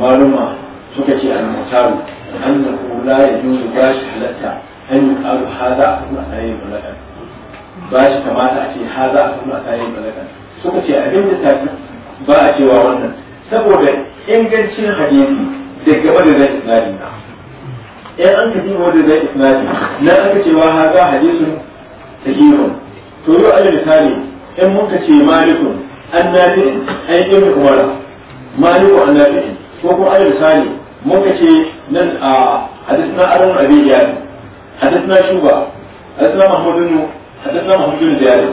maluma suka ce al-mutaru annahu la yajuzu bashi an yi karu haza a kuma tsayin balagan ba shi kamata a ce haza a kuma tsayin balagan suka ce abin da ta ba a cewa wannan saboda ingancin hadisi da gaba da zai isnadi na in an ka dibo da zai isnadi na an ka cewa haza hadisun sahihun to yau alal misali in muka ce malikun an nafi an ibn umara maliku an nafi ko kuma alal misali muka ce nan a hadisin aron abiyya حدثنا شوبة حدثنا محمود بن حدثنا محمود بن زياد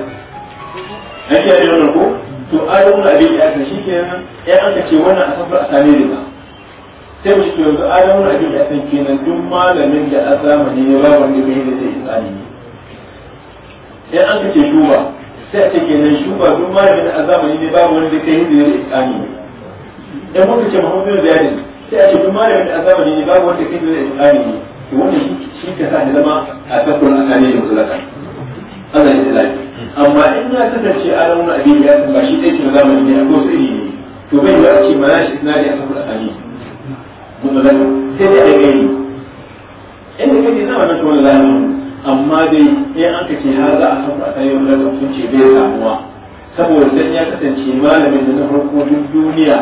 an shi yare wannan ko to a na abin da shi ke nan ya an kace wannan a safar a same ne ba sai mu shi yanzu a na abin da kenan duk malamin da a zamani ya ba wanda bai da zai tsani ne ya an kace shuba sai a ce kenan shuba duk malamin da a zamani ne ba wanda kai hindi zai tsani ne dan muka ce muhammadu zai sai a ce duk malamin da a zamani ne ba wanda kai hindi zai tsani ne to wannan shi ka sa ni zama a takwar akali da musulaka Allah ya lafi amma in ya kasance a ranar abin ya ba shi ɗaya kira zamani ne a ko su ne to bai yi a ce mana shi ina da a takwar akali musulaka sai dai a gani inda kake zama na tuwon zamani amma dai in an ka ce har za a takwar akali musulaka sun ce bai samuwa saboda dan ya kasance malamin da na farko duk duniya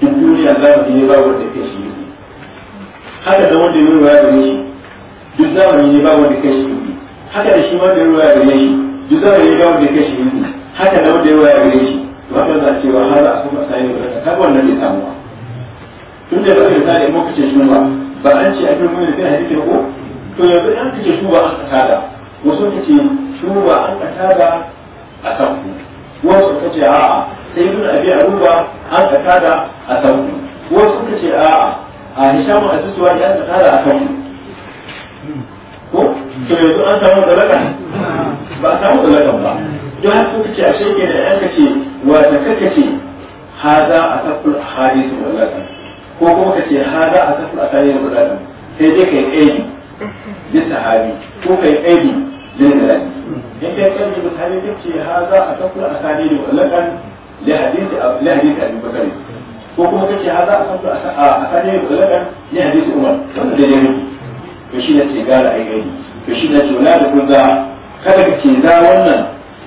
duk duniya zamani ne babu da ke shi haka da wanda ya ruwaya gare shi duk zamani ne ba wanda kai shi kuɗi haka da shi wanda ya ruwaya gare shi duk zamani ne ba wanda kai shi kuɗi haka da wanda ya ruwaya gare shi to haka za a ce wa hala a kuma sai da ka wannan ne samuwa tun da ba ka sai mu kace shi ba ba an ce abin mun da hadisi ko to yanzu an kace shi ba an da wasu ce shi ba an da a kanku wasu ce a'a sai mun abi ruwa an da a kanku wasu ce a'a a hishamu a cikin wani an tsara a kan ko to yanzu an samu dalaka ba a samu dalakan ba don haka kuka ce a shege da yan kace wata kaka ce haza a saful su wallahi ko kuma ka ce haza a saful asalihin wallahi sai dai ka yi aidi bisa hali ko ka yi in kai aidi للملك إن كان كان يقول هذه a هذا أتقول أسانيد مؤلقا لحديث لحديث أبي بكر ko kuma kace haza a san a kaje ku daga ne hadisi umar wannan da ne to shi ne ce gara ai gari to shi ne tona da kun za kada ka ce za wannan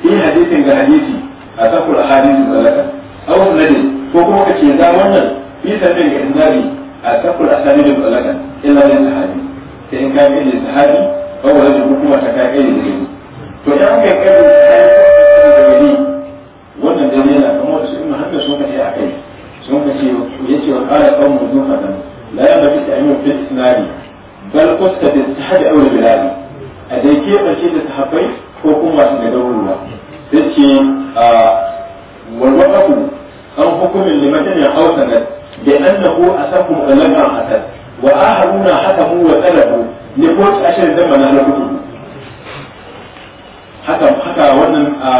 in eh, hadisin ga hadisi a a sakul hadisi zalaka aw nadi ko kuma ka ce za wannan bi eh, sanin ga inzari a a asani da zalaka illa ne sahabi ta in ka ga ne sahabi ko wani kuma ta ka ga ne to ya kai kai da sahabi wannan dai yana kamar su in hakan sun kace a kai sun ka ce ya ce wa kala kawo mu zuwa nan la ya bata ta amin fit sinari bal kusta da sahabi awal bilali a dai ke ɓace da sahabbai ko kuma masu da daurura sai ce a walwa'ahu an hukumin limatin ya hausa nan da annahu asafu qalama hasan wa a haruna haka mu wa talabu ne ko a da mana na hudu haka haka wannan a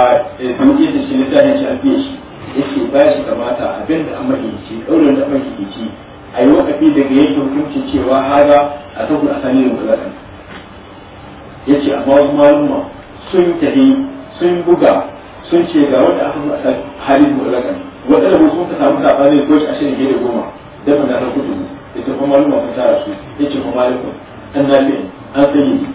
sauƙi eh, da shi littafin shi alfiye shi yake ba shi kamata abin da amma ci ɗaurin da amma ci a yi wakafi daga yake hukunci cewa haza a tafi a sani da mulakan ya ce amma wasu malumma sun tafi sun buga sun ce ga wanda aka zuwa a halin mulakan wadanda ba sun ka samu saɓani ko a shirin gida goma da mana ta kudu ya ce kuma malumma sun tara su ya ce kuma malumma an nafi an sani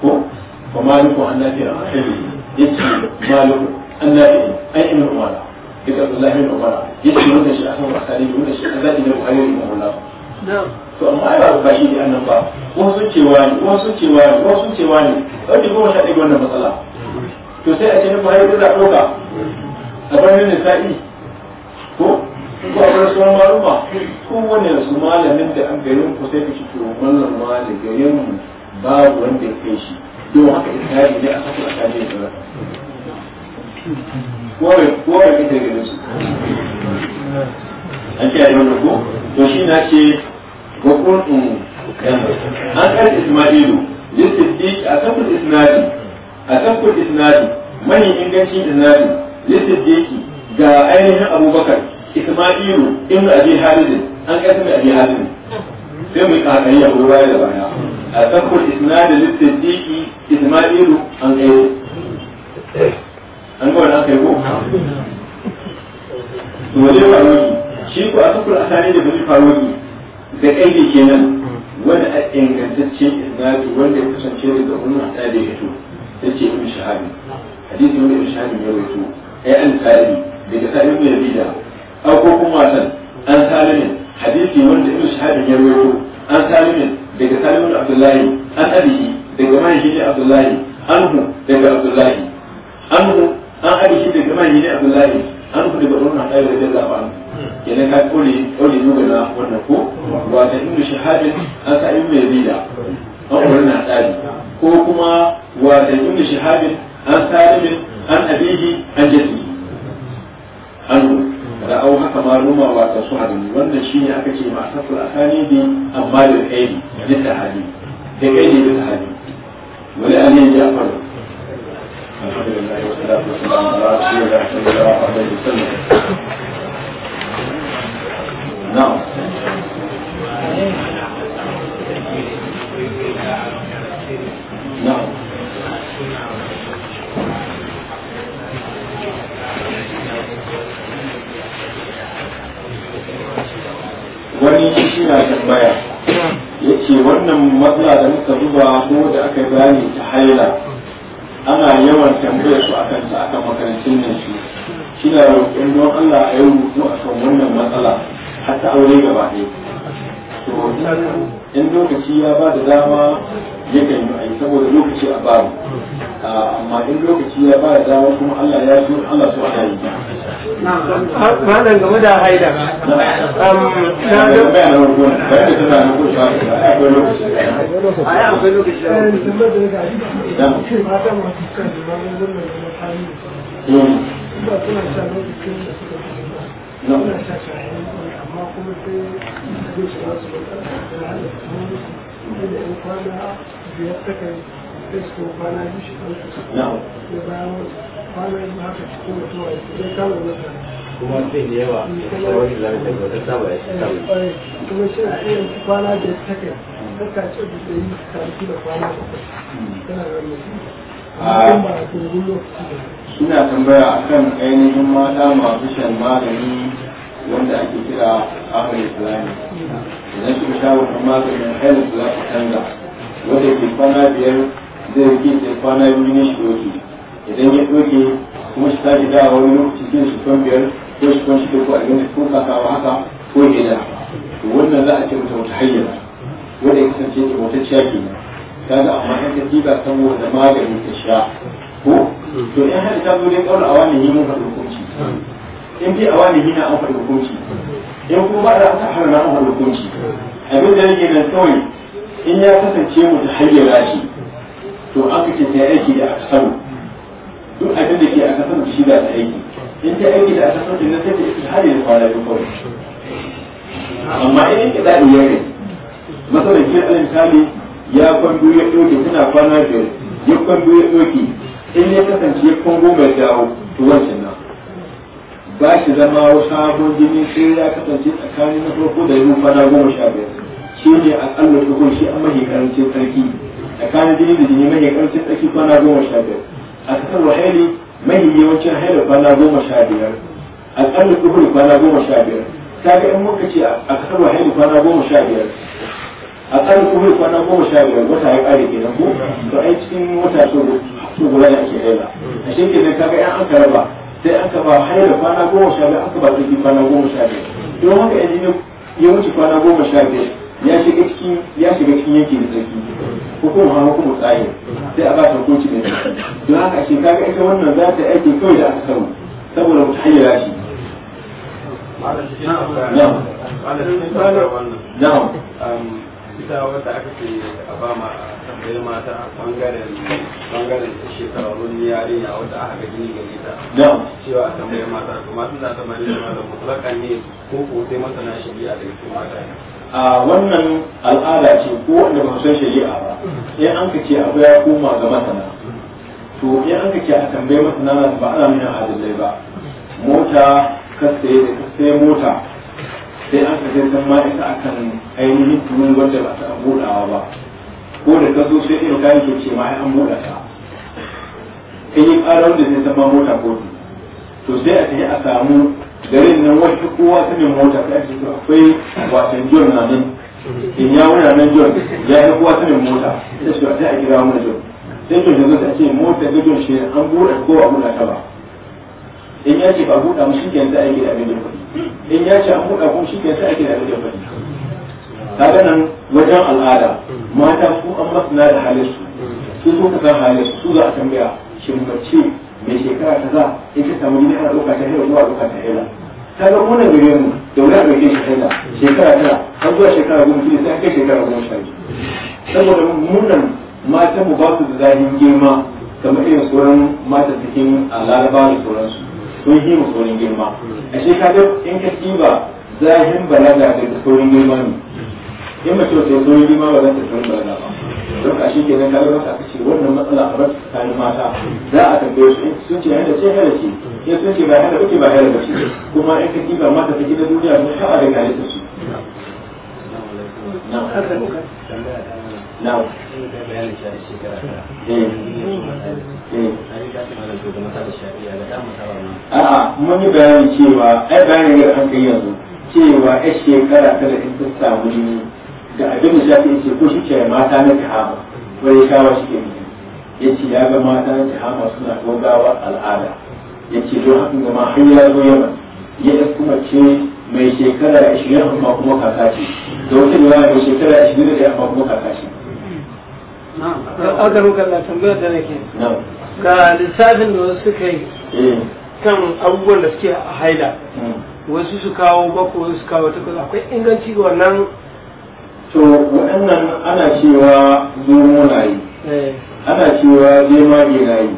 ko kuma malumma an nafi an sani ya ce malumma an nafi an imin umara ita Allah ai ba ba shi ne wasu ce ne wasu wanda goma sha wannan matsala to sai a ce ni Buhari ɗauka a sa'i ko ko a bar maruma ko kowane su malamin da an gari ku sai ka ci to wannan ma garin mu babu wanda ya kai shi don haka ita ne a saka a kowai ita gare su an ce a yi ko to shi na ce wa kuntum an kan isma'ilu lissiddiq a kan isnadi a kan isnadi mani ingancin isnadi lissiddiqi ga ainihin abubakar isma'ilu a abi halid an kai mai abi halid sai mu ka kai ya ruwa da baya a kan isnadi lissiddiqi isma'ilu an kai an gwada aka yi ko to waje farwaki shi ko a sukul asali da waje farwaki da ke kenan wanda a ingantaccen isnadi wanda ya kasance daga umar ta da ya to ta ce ibn shahabi hadisi wanda ibn shahabi ya yi ai an tsari daga sa'id ibn yazida aw ko kuma san an salimin hadisi wanda yi shahabi ya wato an salimin daga salimin abdullahi an abihi daga mahaifin abdullahi anhu daga abdullahi anhu an ari shi daga mani ne abdullahi an ku daga wannan ayyuka da zaban yana ka kore kore duba na wannan ko wa da ibnu shahadin an sa ibnu yazida an wannan tsari ko kuma wa da ibnu shahadin an salimin an abihi an jaddi an ra'au haka ma ruma wa ta su hadin wannan shi ne aka ce ma asaful asani bi amma da aidi da tahadi da aidi da tahadi wani an ya ja'far wani shi na ya ce wannan matsala da muka duba ko da aka gane ta haila ana yawan tambayar su akan ta akan makarantun nan shi shina roƙon don Allah a yau rubutu kan wannan matsala har ta aure gaba ɗaya to in lokaci ya ba da dama yakan yi saboda lokaci a babu ah, amma in lokaci ya ba da dama kuma Allah ya so Allah so ana yi ah, malam game da haida um, na na ko shi lokaci lokaci eh, da kuma sai biyar suka yi sai shi kan su bayan haka a zai kama kuma da yawa da wata saba ya eh, kuma shi a iya ce da yi karfi da ah. ina tambaya akan ainihin mata masu shan magani wanda ake kira ahlul islami hmm. idan suka sha wannan maganin ahlul za su canza wanda ke kwana biyar zai rike ke kwana biyu ne shi doke idan ya doke kuma shi tashi da wani lokaci zai shi kwan biyar ko shi kwan shida ko a gani ko kakawa haka ko gida to wannan za a ce mata wata hanyar wanda ya kasance ke wata ciya ke kaga amma in ka diba saboda magani ta sha ko to in har ta zo dai kaura a wani yi mun faɗi hukunci in dai a wani yi na an faɗi hukunci in kuma ba da aka harna an faɗi hukunci abin da yake nan kawai in ya kasance mu da hayyara shi to aka ce ta aiki da aka sanu duk abin da ke aka sanu shi za ta aiki in ta aiki da aka sanu na sai ta isi hari da kwana da kawai amma in yanke da ya ne masarar ke alim sami ya kwando ya ɗauke tana kwana biyar ya kwando ya ɗauke in ya kasance ya kwango mai dawo to wancan nan ba shi zama wasu sabon jini sai ya kasance tsakanin na farko da ya kwana goma sha biyar shi ne aƙalla ko shi an mahi karancin tsarki tsakanin jini da jini mahi karancin tsarki kwana goma sha biyar a kasar wahali mahi yawancin haila kwana goma sha biyar a aƙalla kuhuri kwana goma sha biyar ga in muka ce a kasar wahali kwana goma sha biyar a da kuhuri kwana goma sha biyar wata ya ƙare kenan ko to ai cikin wata so gura da ake haila a shi kenan ga yan an karaba sai an kaba haila kwana goma sha biyar an kaba tsarki kwana goma sha biyar don haka yanzu ne ya wuce kwana goma sha biyar ya shiga cikin ya shiga cikin yake da sarki hukum ha hukum tsaye sai a ba ta hukunci da sarki don haka shi kaga ita wannan za ta aiki kawai da aka samu saboda mu hayyara shi na'am na'am ita wata aka ce a ba ma tambayi mata bangaren bangaren shekarun a wata aka ga gini gare ta cewa a tambayi mata kuma suna tambayi da mata mutlakan ne ko ko sai masana shari'a da su mata a wannan al'ada ce ko wanda ba san shari'a ba in an ka ce abu ya koma ga masana to in an ka ce a tambayi masana ba ana nuna adalai ba mota yi da kasaye mota sai an ka zai ma ita akan ainihin tunan wanda ba ta buɗawa ba ko da ka zo sai irin kayan ke ce ma ai an buɗa ta in yi ƙarar da zai san ma mota ko to sai a tafi a samu garin nan wasu kowa su ne mota ta ake akwai wasan jiyar na nan in ya wuna nan jiyar ya yi kowa su ne mota ta su ta a kira mana jiyar sai to yanzu ta ce mota ga jiyar shi an buɗe ko a buɗe ta ba in ya ce ba buɗe mu shi ke yanzu ake da abin da kuɗi in ya ce an buɗa kuma shi ke yanzu ake da abin da kuɗi kaga nan wajen al'ada mata su an masana da halin su su ka san halin su su za a tambaya shin mace mai shekara ta za in ta samu jini ana ɗauka ta hira zuwa ɗauka ta hira ta ga muna gare mu da wani ɗauke shi hira shekara tara har zuwa shekara goma shi sai kai shekara goma sha biyu saboda munan matan mu ba su da zahin girma kamar irin sauran mata cikin laraba da sauransu sun yi mu saurin girma a shekara in ka ba zahin balaga da saurin girma ne in mace wata saurin girma ba zan ta saurin balaga ba don a shi nan kaga mata aka ce wannan matsala a bar tsakanin mata za a tambaye su sun ce yadda ce hada ce ya sun ce ba hada kuke ba hada ba ce kuma in ka kiba mata ta gida duniya sun sha a daga halitta su eh. Eh. Eh. a'a mun yi bayani cewa ai bayani ga an kai yanzu cewa ai shekara kada in ta samu jini da abin da shafi yace ko shi ke mata na ko ya shawa shi ke yace ya ga mata na jihama suna dogawa al'ada yace don haka ga ma hanyar ya zo yaman ya kuma ce mai shekara 20 amma kuma kaka ce da wata riwaya mai shekara 20 amma kuma kaka ce agarun kalla tambayar da nake ga lissafin da wasu suka yi eh. kan abubuwan da suke a haila hmm. wasu su kawo bako wasu su kawo takwas akwai inganci ga wannan to waɗannan ana cewa zomo na yi eh. ana cewa jemage na yi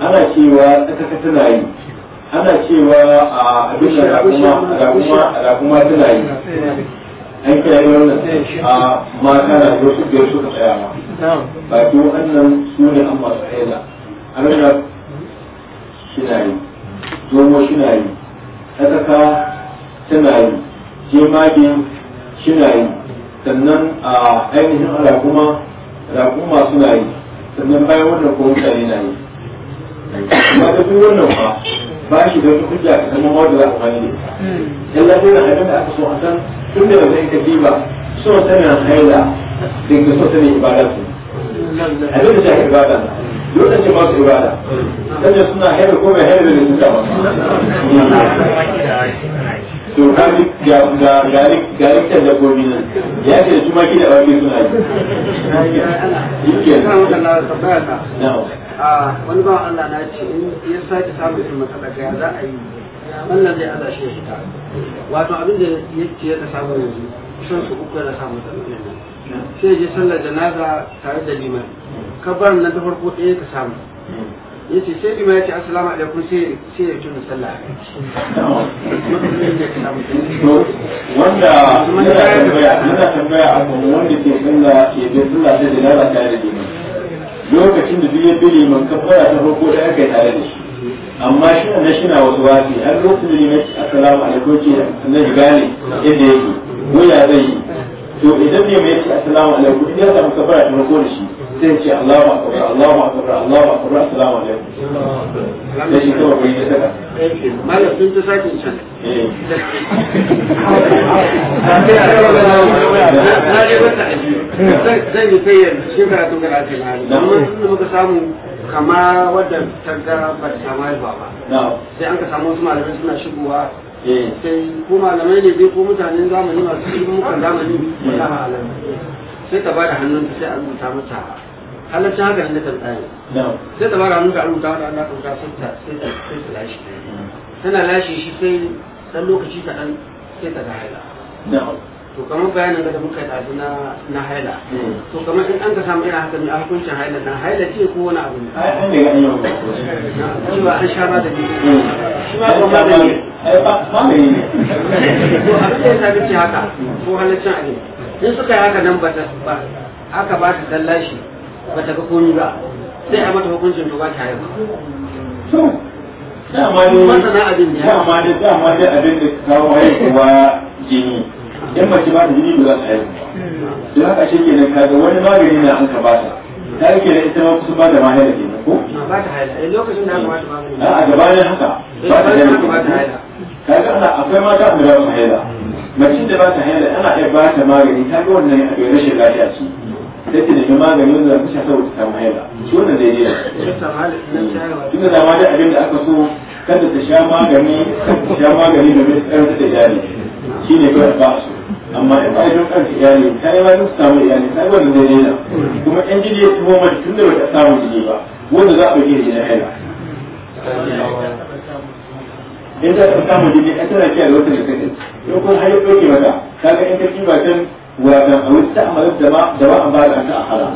ana cewa tsakakata tana yi ana cewa a abin da raguma tana yi eh. an kira yi wannan eh. a mata na su biyar suka tsaya ma ba ki waɗannan su ne an masu haila an shi na yi zomo shi na yi tsakaka tana yi jemage shi na yi sannan a ainihin raƙuma raƙuma suna yi sannan bayan wannan ko mutane na yi amma da duk wannan ba ba shi da wata hujja ta zama wadda za a fani ne hmm. yan lafiya abin da aka so a san tun da bai ka ba so sanin haila da ka so sanin ibada su abin da shafi ibada dole ce masu ibada sanya suna haila ko mai haila da suka ba *laughs* to ka ji ga ga ga ta da gobi nan ya ce su ma kida wani suna yi yake a wani ba Allah na ce in ya sake samu irin matsala ga za a yi wannan zai Allah shi ya fita wato abin da yake ya ta samu yanzu kusan su uku yana samu matsalolin nan sai ya je sallar janaza tare da liman kabarin na ta farko ɗaya ka samu mm. yace sai bima yace assalamu alaikum sai sai ya tuna sallah wanda muna tambaya muna tambaya akan wanda ke sunna ke bin sunna sai da lalata tare da liman lokacin da duk ya bi liman kafara ta farko da aka yi tare da shi amma shi na shi na wasu wasi har lokacin da liman assalamu alaikum ce na gane yadda yake ko ya zai yi to idan liman ya ce assalamu alaikum idan ya samu kafara ta farko da shi sai ce Allahu akbar Allahu akbar Allahu akbar assalamu alaikum sai shi kuma sun ta sake can eh. na je wata yi shi na amma muka samu kama wadda ba ta samu haifa ba sai an ka samu wasu malamai suna shigowa eh. sai ko malamai ne dai ko mutanen zamani masu ilimin zamani ba eh. sai ka ba da hannun sai a rubuta mata halaccin haka inda kan tsaya sai ta bara hannunka a rubuta wata Allah ɗauka sai ta lashe tana lashe shi sai ɗan lokaci dan sai ta ga haila to kamar bayanin da muka tafi na na haila mm. to kamar in an ka samu irin haka ne a hukuncin haila na haila ce ko wani abu ne cewa an sha ba da ne shi ma ba magani *laughs* to abin da ya sabi ce haka ko halaccin abin in suka yi haka nan ba ta ba aka ba ta dallashi ba ta ga komi ba sai a mata hukuncin to ba ta yi dama dai dama dai dama dai abin da kawo haihuwa jini in mace ba ta jini ba za ta haihu don haka shi kenan kaga wani magani na an ka ba ta ta yake da ita ma kusa ba da mahaifa kenan ko ba ta haihu eh, lokacin da aka ba ta magani a gabanin haka eh, ba ta haihu kaga ana akwai mata da ba su haila mace da ba ta haila ana iya ba ta magani ta ga wannan rashin lafiya ce sai ta nemi magani wanda ka shafa wata samu haila shi wannan daidai ne tunda da ma da abin da aka so kada ta sha magani ta sha magani domin tsarki da iyali shi ne kawai ba su amma in ba don kanka iyali ta yi wani samu iyali ta yi wani daidai na kuma yan jini ya tuho mata tun da bata samun jini ba wanda za a ɗauke jini haila in ta samu jini a tana kiyar wata da kanta in kun har ya ɗauke mata ta ga in ta kiba can wajen a wasu ta amalar da ba a ba da ta a hala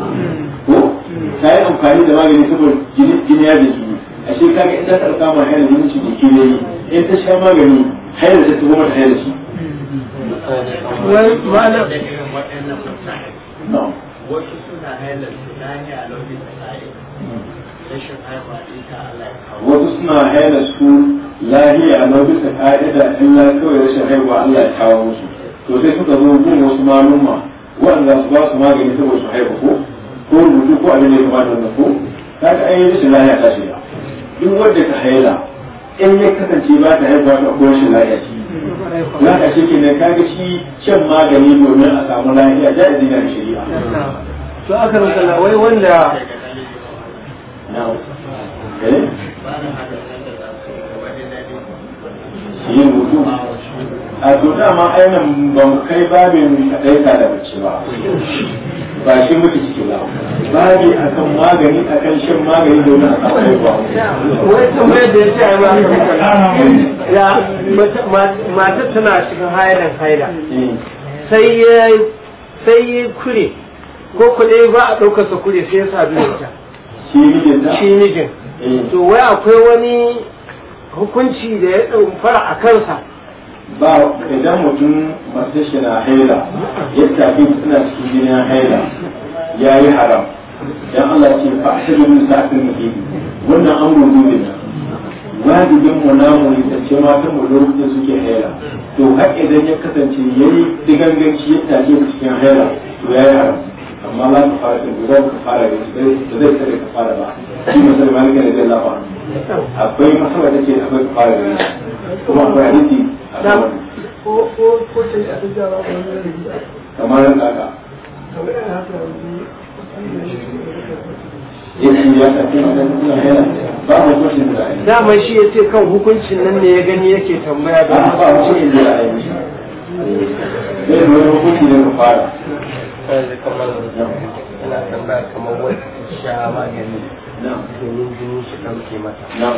ko ta yi amfani da magani saboda jini ya da jini a shi kaga in ta ɗauka ma hayar jini shi jiki ne in ta sha magani hayar ta tuhu mata hayar shi. wasu suna hayar su ta ne a lokacin da wasu suna hayar su lahiya a lokacin ka'ida in ya kawai rashin haihuwa Allah ya kawo musu to sai suka zo gun wasu malumma waɗanda su ba su magani saboda su haihu ko ko rubutu ko abin da ya kamata da ko ta ka ayyukan shi lahiya ta shiga duk wanda ka haila in ya kasance ba ta haihuwa ta ko shi lahiya shi za ka shi kenan ka ga shi shan magani domin a samu lahiya ja'izi na shari'a to aka rasa wai wanda yin eh? rubutu a to ma ainihin ba mu kai babin ta da mace ba ba shi muke ciki ba babi akan magani akan shan magani domin a kai ba wai mai da ya ce ba ya mata tana cikin hailan haida. Eh. sai ya sai kure ko kuɗe ba a ɗaukar su kure sai ya Shi da ta shi mijin eh. to wai akwai wani hukunci da ya ɗaukar a kansa ba idan mutum masu shi na haila ya tafi suna cikin jinin haila ya yi haram dan Allah ce fa ashiru min sa'atin muhim wannan an gudu ne wajibin mu namu ne ta ce mata mu lokacin suke haila to har idan ya kasance yayi diganganci ya tafi cikin haila to ya yi haram amma la ka fara da ka fara da zai ka fara ba shi musulmani ne zai lafa akwai masala da ce akwai kwayar da kuma akwai hadisi a kamar dama shi ya ce kan hukuncin nan ne ya gani yake tambaya ba hukuncin da ya yi zai hukunci da ka fara kamar ina tambaya kamar wani magani domin jini su ɗauke mata da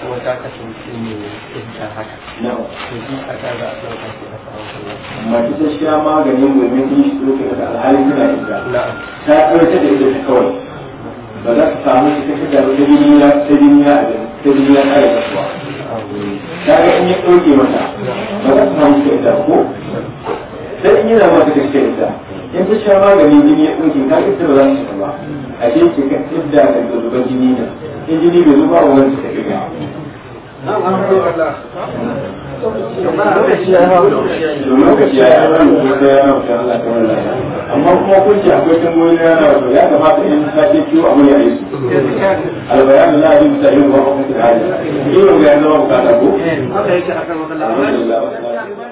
kuma ta kasance ne yadda haka to ji a ta za a ɗauka shi a tsawon mace ta maganin domin jini su ɗauke mata alhali suna ita ta ɗauke da ita ta kawai ba za ta samu ita ta da ta jini ya ta jini ya ta jini ya ƙara kasuwa ta ga in ya ɗauke mata ba za ta samu ita ko sai in yana mata ta ita in ta sha maganin jini ya ɗauke ka ita ba za su ba a ce ke da zuba jini na in jini bai zuba wa wani ta ɗiga ga yanzu ba bukata ko eh,